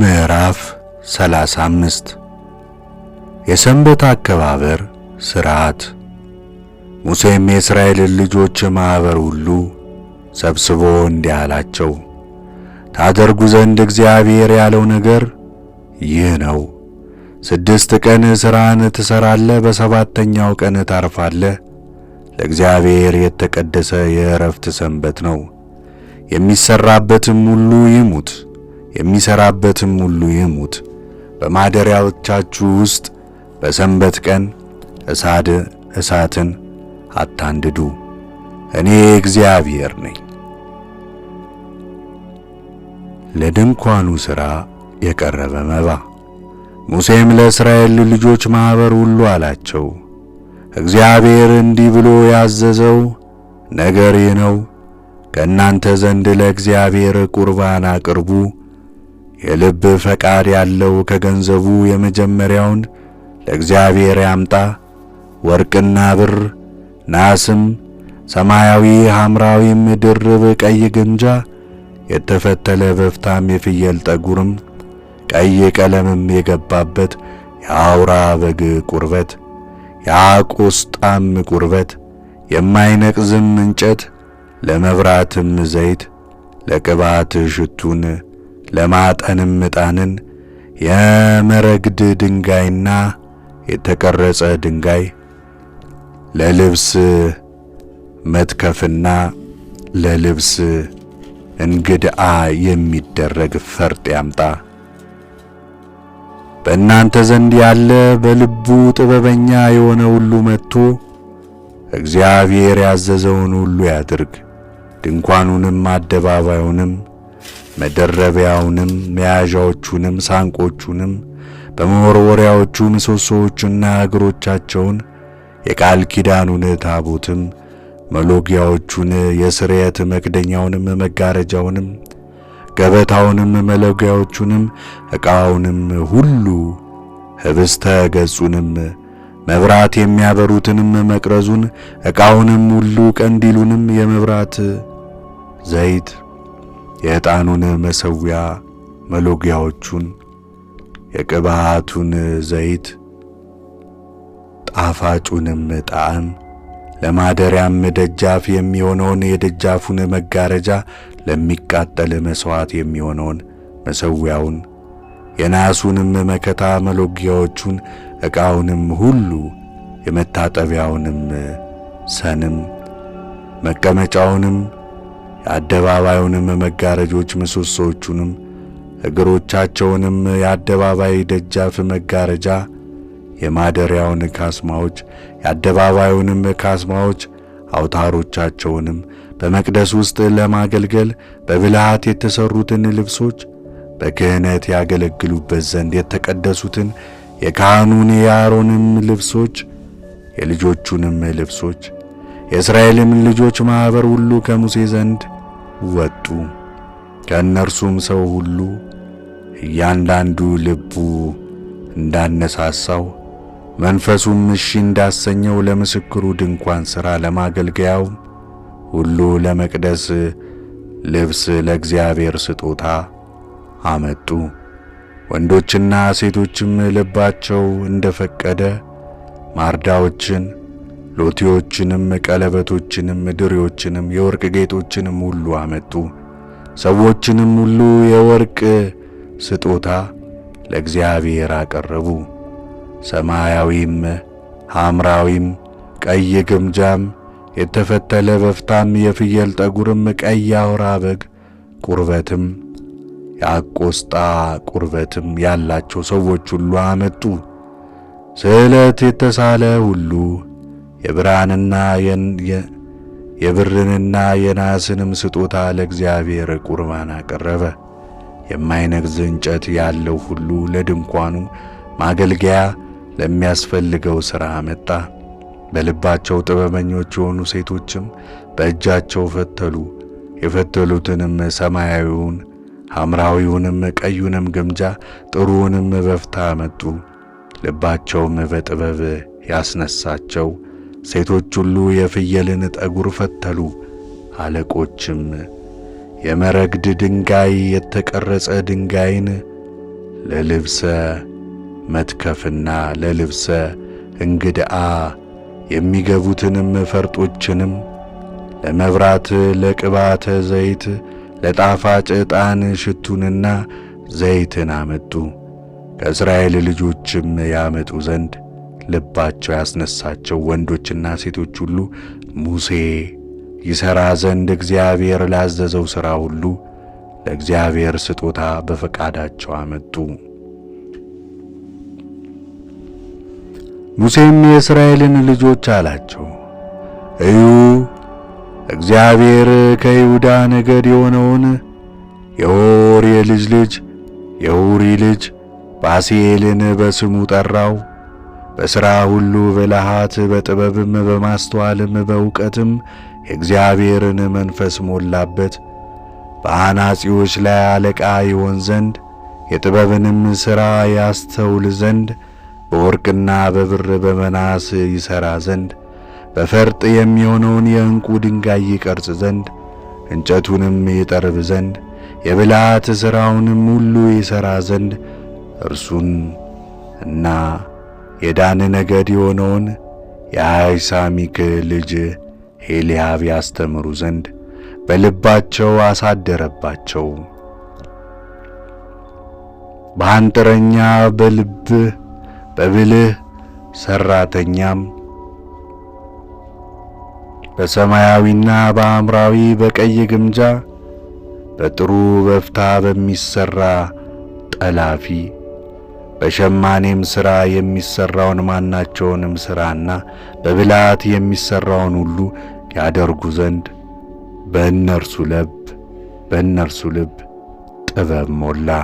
ምዕራፍ 35 የሰንበት አከባበር ሥርዓት። ሙሴም የእስራኤልን ልጆች ማኅበር ሁሉ ሰብስቦ እንዲህ አላቸው፣ ታደርጉ ዘንድ እግዚአብሔር ያለው ነገር ይህ ነው። ስድስት ቀን ሥራን ትሠራለህ፣ በሰባተኛው ቀን ታርፋለህ። ለእግዚአብሔር የተቀደሰ የእረፍት ሰንበት ነው። የሚሠራበትም ሁሉ ይሙት የሚሠራበትም ሁሉ ይሙት። በማደሪያዎቻችሁ ውስጥ በሰንበት ቀን እሳድ እሳትን አታንድዱ። እኔ እግዚአብሔር ነኝ። ለድንኳኑ ሥራ የቀረበ መባ። ሙሴም ለእስራኤል ልጆች ማኅበር ሁሉ አላቸው፣ እግዚአብሔር እንዲህ ብሎ ያዘዘው ነገር ይህ ነው። ከእናንተ ዘንድ ለእግዚአብሔር ቁርባን አቅርቡ የልብ ፈቃድ ያለው ከገንዘቡ የመጀመሪያውን ለእግዚአብሔር ያምጣ። ወርቅና ብር፣ ናስም፣ ሰማያዊ ሐምራዊም፣ ድርብ ቀይ ግምጃ፣ የተፈተለ በፍታም፣ የፍየል ጠጉርም፣ ቀይ ቀለምም የገባበት የአውራ በግ ቁርበት፣ የአቁስጣም ቁርበት፣ የማይነቅዝም እንጨት፣ ለመብራትም ዘይት፣ ለቅባት ሽቱን ለማጠንም ዕጣንን የመረግድ ድንጋይና የተቀረጸ ድንጋይ ለልብስ መትከፍና ለልብስ እንግድአ የሚደረግ ፈርጥ ያምጣ። በእናንተ ዘንድ ያለ በልቡ ጥበበኛ የሆነ ሁሉ መጥቶ እግዚአብሔር ያዘዘውን ሁሉ ያድርግ። ድንኳኑንም አደባባዩንም መደረቢያውንም መያዣዎቹንም ሳንቆቹንም በመወርወሪያዎቹ ምሰሶዎቹና እግሮቻቸውን የቃል ኪዳኑን ታቦትም መሎጊያዎቹን የስርየት መክደኛውንም መጋረጃውንም ገበታውንም መሎጊያዎቹንም ዕቃውንም ሁሉ ህብስተ ገጹንም መብራት የሚያበሩትንም መቅረዙን ዕቃውንም ሁሉ ቀንዲሉንም የመብራት ዘይት የዕጣኑን መሠዊያ መሎጊያዎቹን፣ የቅባቱን ዘይት ጣፋጩንም ጣዕም ለማደሪያም ደጃፍ የሚሆነውን የደጃፉን መጋረጃ ለሚቃጠል መሥዋዕት የሚሆነውን መሠዊያውን የናሱንም መከታ መሎጊያዎቹን ዕቃውንም ሁሉ የመታጠቢያውንም ሰንም መቀመጫውንም የአደባባዩንም መጋረጆች ምሰሶዎቹንም እግሮቻቸውንም የአደባባይ ደጃፍ መጋረጃ የማደሪያውን ካስማዎች የአደባባዩንም ካስማዎች አውታሮቻቸውንም በመቅደስ ውስጥ ለማገልገል በብልሃት የተሠሩትን ልብሶች በክህነት ያገለግሉበት ዘንድ የተቀደሱትን የካህኑን የአሮንም ልብሶች የልጆቹንም ልብሶች የእስራኤልም ልጆች ማኅበር ሁሉ ከሙሴ ዘንድ ወጡ። ከእነርሱም ሰው ሁሉ እያንዳንዱ ልቡ እንዳነሳሳው መንፈሱም እሺ እንዳሰኘው ለምስክሩ ድንኳን ሥራ፣ ለማገልገያው ሁሉ፣ ለመቅደስ ልብስ፣ ለእግዚአብሔር ስጦታ አመጡ። ወንዶችና ሴቶችም ልባቸው እንደፈቀደ ማርዳዎችን ሎቲዎችንም፣ ቀለበቶችንም፣ ድሪዎችንም፣ የወርቅ ጌጦችንም ሁሉ አመጡ። ሰዎችንም ሁሉ የወርቅ ስጦታ ለእግዚአብሔር አቀረቡ። ሰማያዊም፣ ሐምራዊም፣ ቀይ ግምጃም፣ የተፈተለ በፍታም፣ የፍየል ጠጉርም፣ ቀይ አውራ በግ ቁርበትም፣ የአቆስጣ ቁርበትም ያላቸው ሰዎች ሁሉ አመጡ። ስዕለት የተሳለ ሁሉ የብርሃንና የብርንና የናስንም ስጦታ ለእግዚአብሔር ቁርባን አቀረበ። የማይነግዝ እንጨት ያለው ሁሉ ለድንኳኑ ማገልገያ ለሚያስፈልገው ሥራ መጣ። በልባቸው ጥበበኞች የሆኑ ሴቶችም በእጃቸው ፈተሉ። የፈተሉትንም ሰማያዊውን፣ ሐምራዊውንም፣ ቀዩንም ግምጃ ጥሩውንም በፍታ መጡ ልባቸውም በጥበብ ያስነሳቸው ሴቶች ሁሉ የፍየልን ጠጉር ፈተሉ። አለቆችም የመረግድ ድንጋይ የተቀረጸ ድንጋይን ለልብሰ መትከፍና ለልብሰ እንግድአ የሚገቡትንም ፈርጦችንም ለመብራት፣ ለቅባተ ዘይት፣ ለጣፋጭ ዕጣን ሽቱንና ዘይትን አመጡ። ከእስራኤል ልጆችም ያመጡ ዘንድ ልባቸው ያስነሳቸው ወንዶችና ሴቶች ሁሉ ሙሴ ይሰራ ዘንድ እግዚአብሔር ላዘዘው ሥራ ሁሉ ለእግዚአብሔር ስጦታ በፈቃዳቸው አመጡ። ሙሴም የእስራኤልን ልጆች አላቸው፣ እዩ እግዚአብሔር ከይሁዳ ነገድ የሆነውን የሆር የልጅ ልጅ የሁሪ ልጅ ባሴልን በስሙ ጠራው። በሥራ ሁሉ ብልሃት በጥበብም በማስተዋልም በእውቀትም የእግዚአብሔርን መንፈስ ሞላበት። በአናጺዎች ላይ አለቃ ይሆን ዘንድ የጥበብንም ሥራ ያስተውል ዘንድ በወርቅና በብር በመናስ ይሠራ ዘንድ በፈርጥ የሚሆነውን የዕንቁ ድንጋይ ይቀርጽ ዘንድ እንጨቱንም ይጠርብ ዘንድ የብልሃት ሥራውንም ሁሉ ይሠራ ዘንድ እርሱን እና የዳን ነገድ የሆነውን የአይሳሚክ ልጅ ሄልያብ ያስተምሩ ዘንድ በልባቸው አሳደረባቸው። በአንጥረኛ በልብ በብልህ ሰራተኛም በሰማያዊና በሐምራዊ በቀይ ግምጃ በጥሩ በፍታ በሚሰራ ጠላፊ በሸማኔም ሥራ የሚሠራውን ማናቸውንም ሥራና በብልሃት የሚሠራውን ሁሉ ያደርጉ ዘንድ በእነርሱ ልብ በእነርሱ ልብ ጥበብ ሞላ።